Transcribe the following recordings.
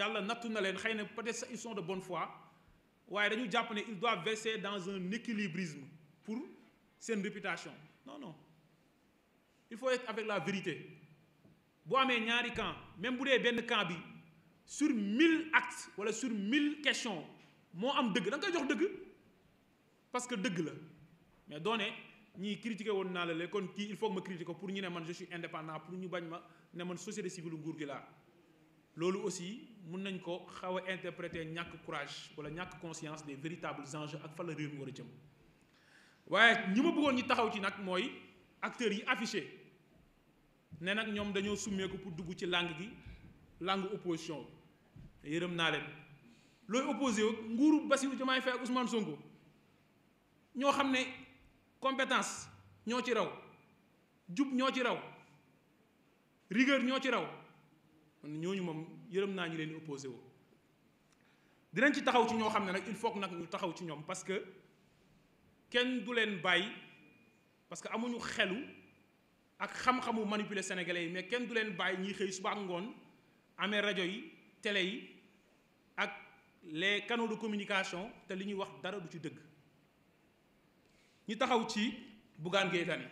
yàlla nattu na leen xëy na peut-être son sont de bonne foi waaye dañu jàpp ne ils doivent verser dans un équilibrisme pour seen réputation non non il faut être avec la vérité boo amee ñaari camp même bu dee benn camp bi sur mille actes wala sur mille questions moo am dëgg da nga jox dëgg parce que dëgg la mais doone ñii critiqué woon naa la léegi kon kii il faut que ma critiqué ko pour ñu ne man je suis indépendant pour ñu bañ ma ne man société civile nguur gi laa mun nañ ko xaw a interpréter ñàkk courage wala ñàkk conscience des véritables enjeux ak fan la réew war a jëm waaye ñi ma bëggoon ñi taxaw ci nag mooy acteurs yi affiché ne nag ñoom dañoo summeeku pour dugg ci langue gi langue opposition bi yërëm naa leen looy opposé wu nguuru Bassirou Diomaye Faye ak Ousmane Sonko ñoo xam ne compétence ñoo ci raw jub ñoo ci raw rigueur ñoo ci raw man ñooñu moom yërëm naa ñu leen opposé woo dinañ ci taxaw ci ñoo xam ne nag il faut nag ñu taxaw ci ñoom parce que kenn du leen bàyyi parce que amuñu xelu ak xam-xamu manipuler sénégalais yi mais kenn du leen bàyyi ñuy xëy suba ak ngoon amee rajo yi télé yi ak les canaux communication te li ñuy wax dara du ci dëgg ñu taxaw ci Bougane Gueye Dany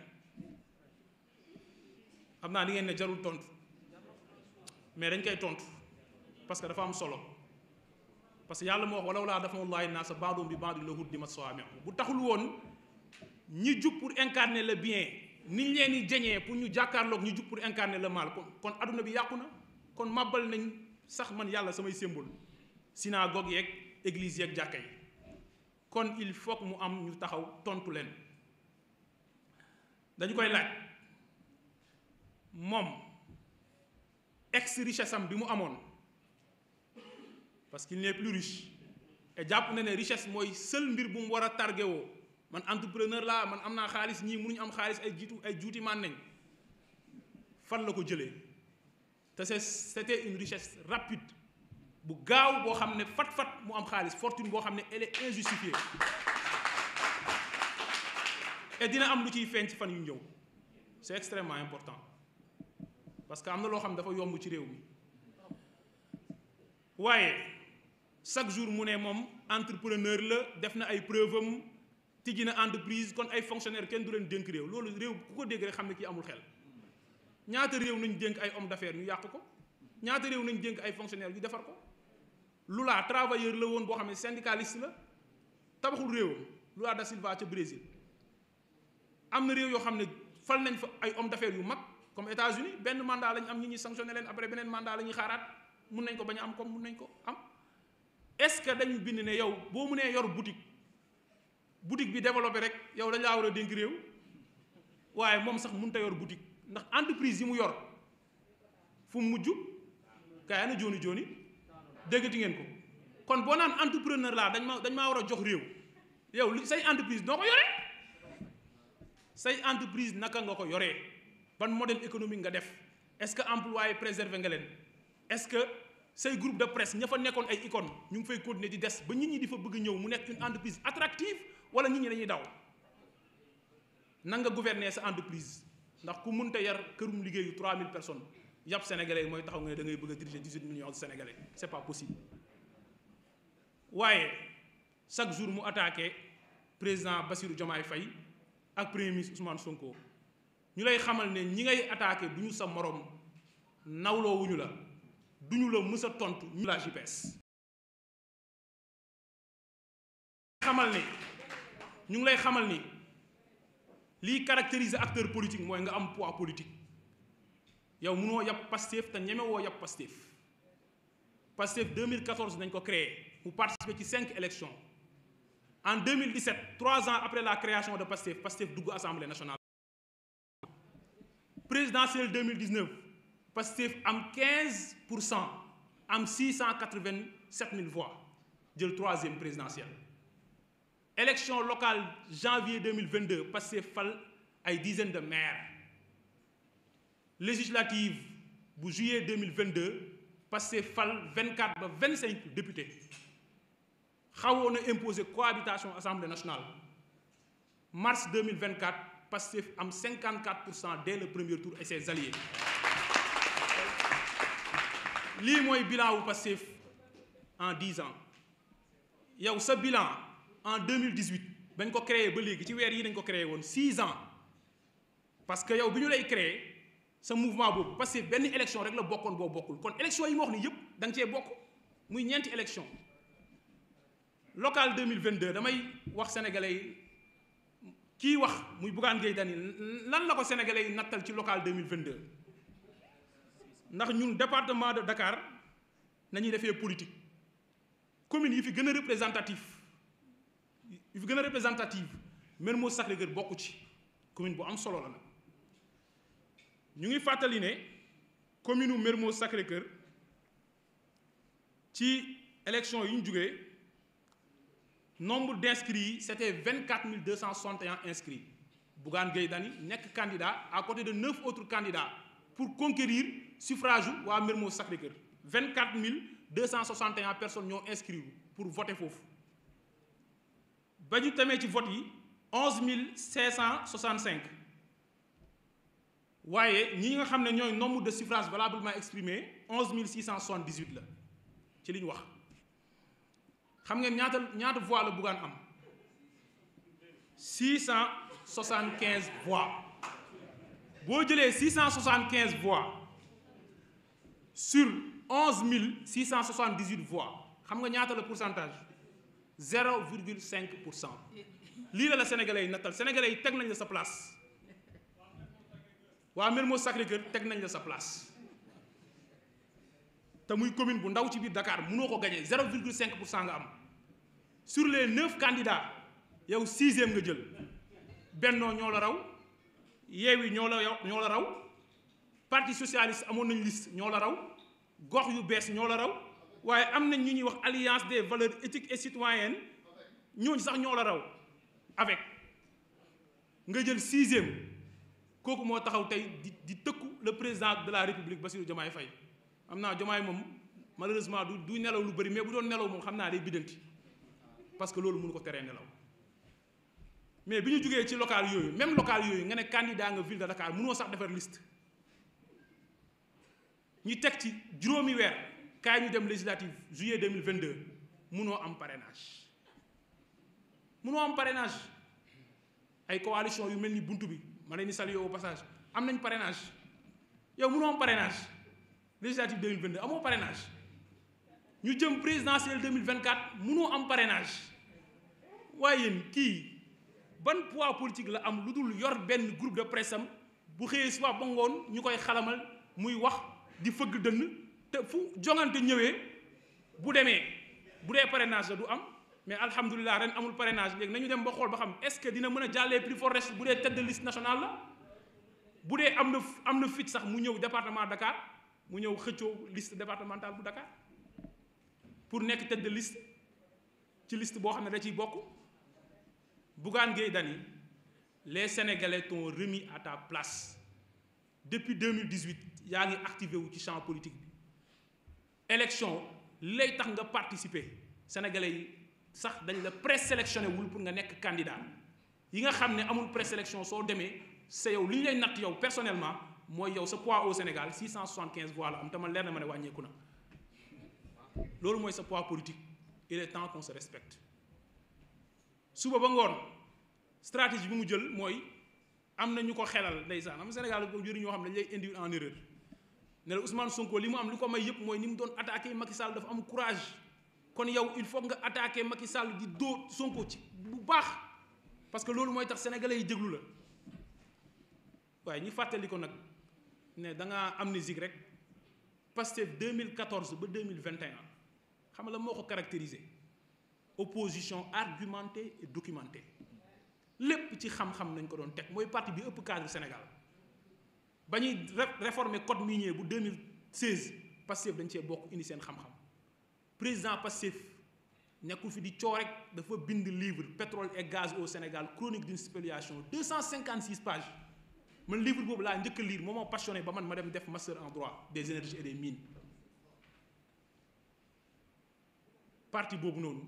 xam naa di ngeen ne jarul tontu mais dañ koy tontu. parce que dafa am solo parce que yàlla moo wax walaw laa naa sa ba'dahum bi ma lahuddimat sawaami' bu taxul woon ñi jub pour incarner la bien niñ leen di jañee pour ñu jàkkaarlook ñu jub pour incarner le mal kon adduna bi yàqu na kon màbbal nañ sax man yàlla samay symbole synagogue yeeg église yeeg jàkka yi kon il faut mu am ñu taxaw tontu leen dañu koy laaj moom ex richesse bi mu amoon parce qu'il n'est plus riche et jàpp na ne richesse mooy seul mbir bu mu war a targué woo man entrepreneur la man am naa xaalis ñii mënuñu am xaalis ay jiitu ay juuti man nañ fan la ko jëlee te c'est c'était une richesse rapide bu gaaw boo xam ne fat-fat mu am xaalis fortune boo xam ne elle est injustifiée et dina am lu ciy feeñ ci fan yu ñëw c'est extrêmement important parce que am na loo xam ne dafa yomb ci réew mi waaye chaque jour mu ne moom entrepreneur la def na ay preuve am tijji na entreprise kon ay fonctionnaire kenn du leen dénk réew loolu réew ku ko dégg xam ne kii amul xel ñaata réew nañ dénk ay homme d'affaires ñu yàq ko ñaata réew nañ dénk ay fonctionnaire ñu defar ko lu laa travailleur la woon boo xam ne syndicaliste la tabaxul réewam Lula da Silva ca Brésil am na réew yoo xam ne fal nañ fa ay homme d'affaires yu mag comme États-Unis benn mandat lañ am ñi ñuy sanctionné leen après beneen mandat la ñuy xaaraat mun nañ ko bañ am comme mun nañ ko am est-ce que dañu bind ne yow boo mënee yor boutique boutique bi développé rek yow dañ laa war a dénk réew waaye moom sax mënut a yor boutique ndax entreprise yi mu yor fu mu mujj kay ana jooni jooni déggati ngeen ko kon boo naan entrepreneur laa dañ ma dañ maa war a jox réew yow li say entreprise doo ko yoree say entreprise naka nga ko yoree ban modèle économique nga def est-ce que emploi yi préserver nga leen est-ce que say groupe de presse ña fa nekkoon ay icône ñu ngi fay continuer di des ba nit ñi di fa bëgg ñëw mu nekk une entreprise attractive wala ñit ñi lañuy daw nan nga gouverner sa entreprise ndax ku mënta yar kërum liggéeyu 3000 personnes yàpp sénégalais yi mooy taxaw nga ne da ngay bëgg a diriger 18 millions de sénégalais c'est pas possible waaye chaque jour mu attaqué président Bassirou Diomaye fay ak premier ministre Ousmane Sonko ñu lay xamal ne ñi ngay attaqué du ñu sa morom nawloo la. duñu la mës tontu ñu la JPS xamal ni ñu ngi lay xamal ni lii caractériser acteur politique mooy nga am poids politique yow mënoo yàpp Pastef te ñemewoo yàpp Pastef Pastef 2014 nañ ko créé mu participer ci cinq élections en mille 2017 trois ans après la création de Pastef Pastef dugg assemblée nationale présidentielle 2019 Pastef am 15 pour cent am 687 000 voix jël troisième présidentielle élection locale janvier 2022 Pastef fal ay dizaines de maires législative bu juillet 2022 Pastef fal 24 ba 25 députés xawoon na imposer cohabitation assemblée nationale mars 2024 Pastef am 54 pour cent dès le premier tour et ses alliés lii mooy bilan wu Pastef en dix ans yow sa bilan en deux mille dix huit bañ ko créé ba léegi ci weer yi dañ ko créé woon six ans parce que yow bi ñu lay créé sa mouvement boobu Pastef benn élection rek la bokkoon boo bokkul kon élection yi ma wax ni yëpp da cee bokk muy ñeenti élection local deux mille vingt deux damay wax sénégalais yi kii wax muy Bougane Gueye Dany lan na ko sénégalais yi nattal ci local deux mille vingt deux ndax ñun département de Dakar nañuy defee politique commune yi fi gën a représentatif yi fi gën a représentative Mermoz Sacré-Cœur bokku ci commune bu am solo la ñu ngi fàttali ne commune u Mermoz Sacré-Cœur ci élection yi ñu jógee nombre d' inscrits yi c' était vingt quatre mille deux cent soixante et un inscrits Bougane Gueye Dany nekk candidat à côté de neuf autres candidats pour conquérir suffrage u waa Mermoz Sacré-Cœur vingt quatre mille deux cent soixante et un personnes ñoo inscrire pour voter foofu ba ñu tamee ci vote yi onze mille cinq cent soixante cinq waaye ñi nga xam ne ñooy nombre de suffrages valablement exprimés onze mille six cent soixante dix huit la ci li wax xam nga ñaata ñaata voix la Bougane am six cent soixante quinze voix boo jëlee six cent soixante quinze voix sur onze mille six cent soixante dix huit vois xam nga ñaata la pourcentage zéro virgule cinq pour cent lii la la sénégalais yi nattal sénégalais yi teg nañ la sa place waa Mermoz Sacré-Cœur teg nañ la sa place te muy commune bu ndaw ci biir dakaar munoo ko gañee zéro virgule cinq pour cent nga am sur les neuf candidats yow sixième nga jël bennoo ñoo la raw. Yewwi ñoo la ñoo la raw parti socialiste amoon nañu liste ñoo la raw gox yu bees ñoo la raw waaye am nañ ñu ñuy wax alliance des valeurs éthiques et citoyennes ñooñu sax ñoo la raw avec nga jël sixième kooku moo taxaw tey di di tëkku le président de la république Bassirou Diomaye fay am naa Diomaye moom malheureusement du du nelaw lu bëri mais bu doon nelaw moom xam naa day biddanti parce que loolu mënu ko teree nelaw mais bi ñu jógee ci local yooyu même local yooyu nga ne candidat nga ville de Dakar mënoo sax defar liste ñu teg ci juróomi weer kaay ñu dem législative juillet 2022 munoo am parrainage mënoo am parrainage ay coalition yu mel ni bunt bi ma leen di saluer passage am nañ parrainage yow mënoo am parrainage législative 2022 amoo parrainage ñu jëm deux mille vingt 2024 munoo am parrainage waaye yéen kii ban poids politique la am lu dul yor benn groupe de presse am bu xëyee suba ba ngoon ñu koy xalamal muy wax di fëgg dënn te fu jongante ñëwee bu demee bu dee parrainage la du am mais alhamdulilah ren amul parrainage léegi nañu dem ba xool ba xam est-ce que dina mën a jàllee plus fort reste bu dee tête de liste la bu dee am na am na fit sax mu ñëw département Dakar mu ñëw xëccoo liste départementale bu Dakar pour nekk tête de liste ci liste boo xam ne da ciy bokk Bougane Gueye Dany les sénégalais t'ont remis à ta place depuis 2018 yaa ngi activé wu ci champ politique bi élection lay tax nga participer sénégalais yi sax dañ la présélectionné wul pour nga nekk candidat yi nga xam ne amul présélection soo demee sa yow li ñu lay natt yow personnellement mooy yow sa poids au Sénégal 675 voix la am te man leer na ma ne wàññeeku na loolu mooy sa poids politique il est temps qu'on respecte suba ba ngoon. stratégie bi mu jël mooy am na ñu ko xelal ndeysaan am Sénégal ko jëriñ ñoo xam ne dañ lay induire en erreur ne la Ousmane Sonko li mu am li ko may yëpp mooy ni mu doon attaqué Macky Sall dafa am courage kon yow il faut nga attaqué Macky Sall di dóor Sonko ci bu baax parce que loolu mooy tax sénégalais yi déglu la waaye ñu fàttali ko nag ne da ngaa amnésique rek deux Pastef 2014 ba mille 2021 xam nga la moo ko caractérisé opposition argumentée et documentée. lépp ci xam-xam nañ ko doon teg mooy parti bi ëpp cadre Sénégal ba ñuy réformer code minier bu 2016 Pastef dañ cee bokk indi seen xam-xam président Pastef nekkul fi di coo rek dafa bind livre pétrole et gaz au Sénégal chronique cent cinquante 256 page man livre boobu laa njëkk a lire moo ma ba man ma dem def master en droit des énergies et des mines parti boobu noonu.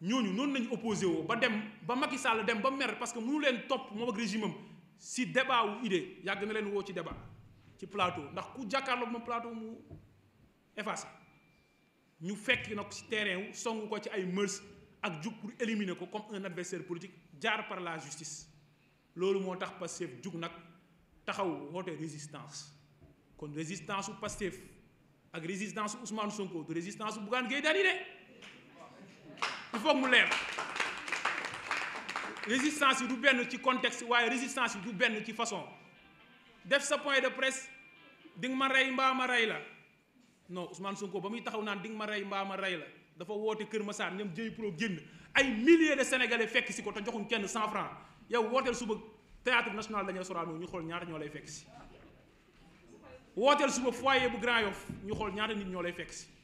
ñooñu noonu lañu opposé woo ba dem ba Macky Sall dem ba mer parce que mënu leen topp moom ak régime am si débat wu idée yàgg na leen woo ci débat ci plateau ndax ku jàkkaarloog ma plateau mu effacé ñu fekk na ko si terrain wu song ko ci ay mërs ak jug pour éliminer ko comme un adversaire politique jaar par la justice loolu moo tax Pastef jug nag taxaw woote résistance kon résistance su Pastef ak résistance su Ousmane Sonko du résistance su Bougane Gueye Dany il faut mu leer résistance yi du benn ci contexte waaye résistance yi du benn ci façon def sa point de presse di nga ma rey mbaa ma rey la non Ousmane Sonko ba muy taxaw naan di nga ma rey mbaa ma rey la dafa woote Kër masaan ñoom jëy pro génn ay milliers de sénégalais fekk si ko te joxuñ kenn cent franc yow wooteel suba théâtre national dañuy Sorano ñu xool ñaata ñoo lay fekk si wooteel suba foyer bu Grand Yoff ñu xool ñaata nit ñoo lay fekk si.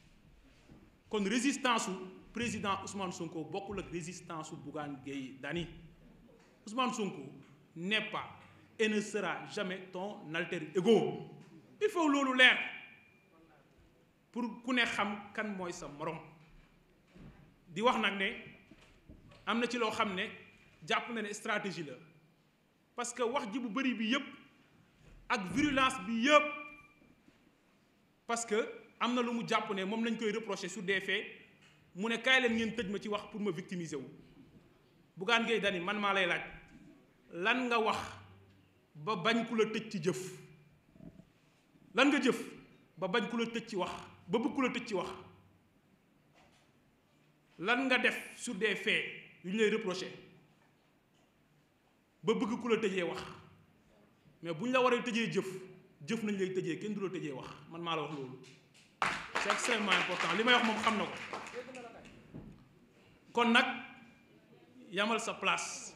kon résistance su président Ousmane Sonko bokkul ak résistance su Bougane Gueye Dany Ousmane Sonko n'est pas et ne sera jamais ton alter ego il faut loolu leer pour ku ne xam kan mooy sa moroom di wax nag ne am na ci loo xam ne jàpp na ne stratégie la parce que wax ji bu bëri bi yëpp ak virulence bi yëpp parce que am na lu mu jàpp ne moom lañ koy reprocher sur des faits mu ne kaay leen ngeen tëj ma ci wax pour ma victimiser wu Bougane Gueye Dany man maa lay laaj lan nga wax ba bañ ku la tëj ci jëf lan nga jëf ba bañ ku la tëj ci wax bëgg ku la tëj ci wax lan nga def sur des faits yu ñu lay reprocher ba bëgg ku la tëjee wax mais bu ñu la waree tëjee jëf jëf nañ lay tëjee kenn du la tëjee wax man maa la wax loolu c'est extrêmement important li may wax moom xam na ko kon nag yamal sa place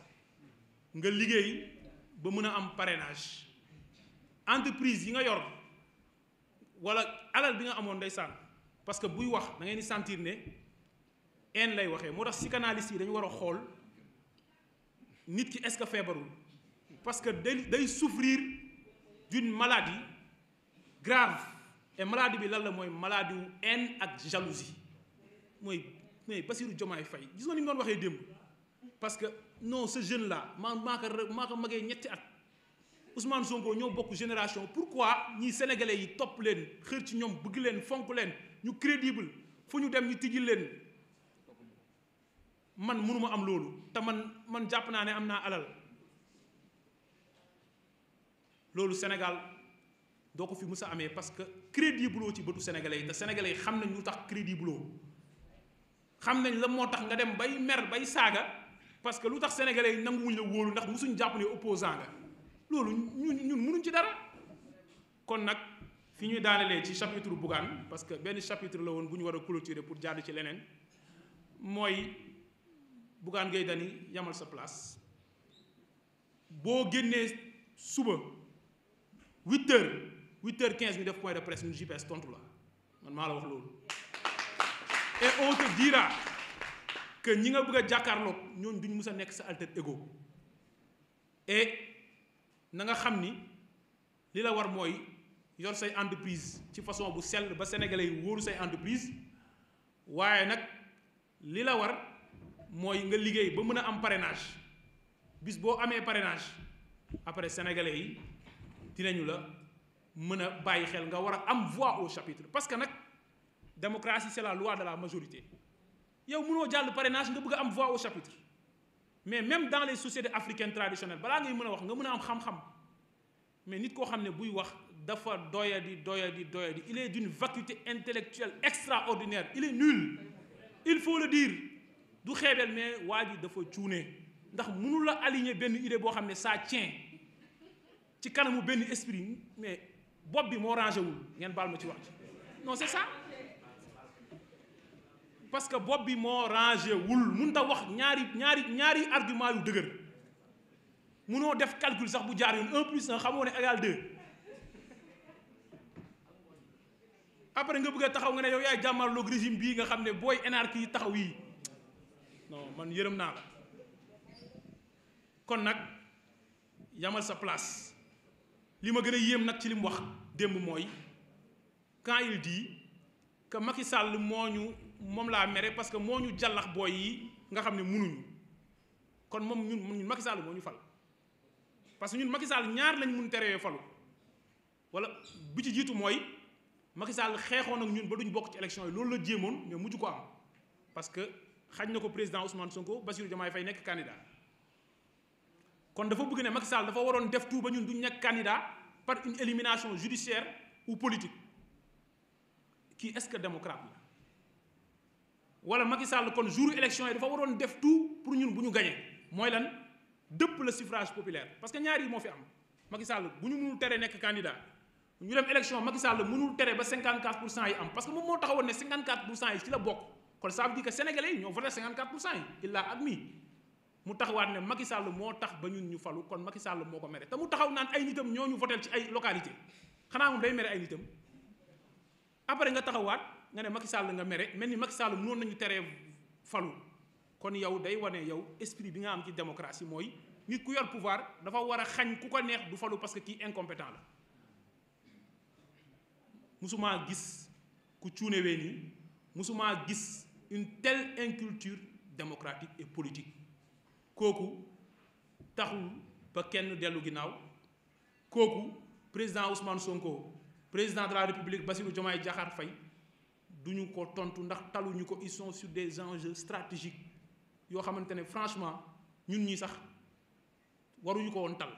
nga liggéey ba mën a am parrainage entreprise yi nga yor wala alal bi nga amoon ndeysaan parce que buy wax da ngeen di sentir ne enn lay waxee moo tax psychanalyste yi dañu war a xool nit ki est-ce que feebarul parce que day day souffrir d'une maladie grave te maladie bi lan la mooy maladie wu ak jalousie mooy mais Bassirou Diomaye Faye gis nga ni mu doon waxee démb parce que non ce jeune là maa maa ko maa ko magee ñetti at usmaan Sonko ñoo bokk génération pour pourquoi ñi sénégalais yi topp leen xër ci ñoom bëgg leen fonk leen ñu crédible fu ñu dem ñu tijji leen man mënuma am loolu te man man jàpp naa ne am naa alal loolu Sénégal doo ko fi mës a amee parce que crédible ci bëtu sénégalais yi te sénégalais yi xam nañ lu tax crédible xam nañ la moo tax nga dem bay mer bay saaga parce que lu tax sénégalais yi nanguwuñ la wóolu ndax musuñ jàpp ne opposant nga loolu ñun ñun mënuñ ci dara kon nag fi ñuy daanalee ci chapitre Bougane parce que benn chapitre la woon bu ñu war a clôturer pour jàll ci leneen mooy Bougane Gueye Dany yamal sa place boo génnee suba huit huit heures quinze ñu def point de presse ñun JPS tontu la man maa la wax loolu et on te dira ñi nga bëgg jàkkaarlook jàkkaarloog ñooñu duñ mus a nekk sa alter ego et na nga xam ni li la war mooy yor say entreprise ci façon bu sell ba sénégalais yi wóoru say entreprise waaye nag li la war mooy nga liggéey ba mën a am parrainage bis boo amee parrainage après sénégalais yi dinañu la mën a bàyyi xel nga war a am voix au chapitre parce que nag démocratie c'est la loi de la majorité yow mënoo jàll parrainage nga bëgg am voix au chapitre mais même dans les sociétés africaines traditionnelles balaa ngay mën a wax nga mën a am xam-xam mais nit koo xam ne buy wax dafa doyadi doyadi doyadi il est d'une vacuité intellectuelle extraordinaire il est nul il faut le dire du xeebeel mais waa jii dafa cuune ndax mënu la aligner benn idée boo xam ne ça tient ci kanamu benn esprit mais bopp bi moo rangé wul ngeen baal ma ci wax ci non c'est ça parce que bopp bi moo rangé wul mun ta wax ñaari ñaari ñaari argument yu dëgër munoo def calcul sax bu jaar yoon un plus xamoo ne égal deux après nga bëgg a taxaw nga ne yow yaay jàmmarloog régime bii nga xam ne booy énarque taxaw yi non man yërëm naa la kon nag yamal sa place li ma gën a yéem nag ci li mu wax démb mooy quand il dit que Macky Sall moo ñu moom laa mere parce que moo ñu jàllax booy yi nga xam ne munuñu kon moom ñun ñun Macky Sall moo ñu fal parce que ñun Macky Sall ñaar lañ mun terewee falu wala bi ci jiitu mooy Macky Sall xeexoon ak ñun ba duñ bokk ci élection yi loolu la jéemoon mais mujj ko am parce que xañ na ko président Ousmane Sonko Bassirou Diomaye fay nekk candidat kon dafa bëgg ne Macky Sall dafa waroon def tout ba ñun duñ nekk candidat par une élimination judiciaire ou politique kii est-ce que démocrate la wala Macky Sall kon jour élection yi dafa waroon def tout pour ñun bu ñu gañee mooy lan dëpp le suffrage populaire parce que ñaar yi moo fi am Macky Sall bu ñu mënul tere nekk candidat ñu dem élection Macky Sall mënul tere ba 54 pour cent yi am parce que moom moo taxawoon ne 54 pour cent yi ci la bokk kon ça veut dire pour cent yi il l'a mu taxawaat ne Macky Sall moo tax ba ñu ñu falu kon Macky Sall moo ko mere te mu taxaw naan ay nitam ñoo ñu votel ci ay localité xanaa moom day mere ay nitam après nga taxawaat nga ne Macky Sall nga mere mel ni Macky Sall mënoon nañu teree falu kon yow day wane yow esprit bi nga am ci démocratie mooy nit ku yor pouvoir dafa war a xañ ku ko neex du falu parce que kii incompétent la musumaa gis ku cuunewee nii musumaa gis une telle inculture démocratique et politique kooku taxul ba kenn dellu ginnaaw kooku président Ousmane Sonko président de la République Bassirou Diomaye Diakhar fay duñu ko tontu ndax taluñu ko ils sont des enjeux stratégiques yoo xamante ne franchement ñun ñi sax waruñu ko woon tal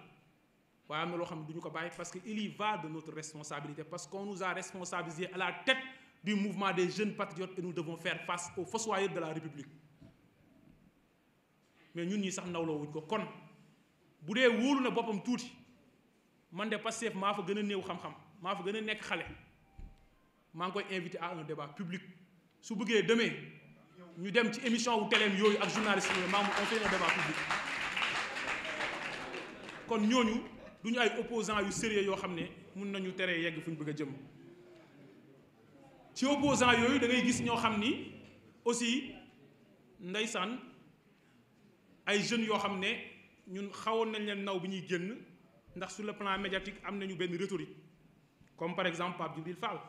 waaye am loo xam ne du ñu ko bàyyi parce que il y va de notre responsabilité parce qu'on nous a responsabilisés à la tête du mouvement des jeunes patriotes et nous devons faire face aux de la République mais ñun ñi sax nawloo wuñ ko kon bu dee wóolu na boppam tuuti man de Pastef maa fa gën a néew xam-xam maa fa gën a nekk xale maa ngi koy invité à un débat public su bëggee demee ñu dem ci émission wu teleem yooyu ak journaliste yooyu maa mu on fait un public kon ñooñu duñu ay opposant yu sérieux yoo xam ne mun nañu teree yegg fu ñu bëgg a jëm ci opposant yooyu da ngay gis ñoo xam ni aussi ndeysaan ay jeunes yoo xam ne ñun xawoon nañ leen naw bi ñuy génn ndax su le plan médiatique am nañu benn rhétorique comme par exemple Pape Djibril Fall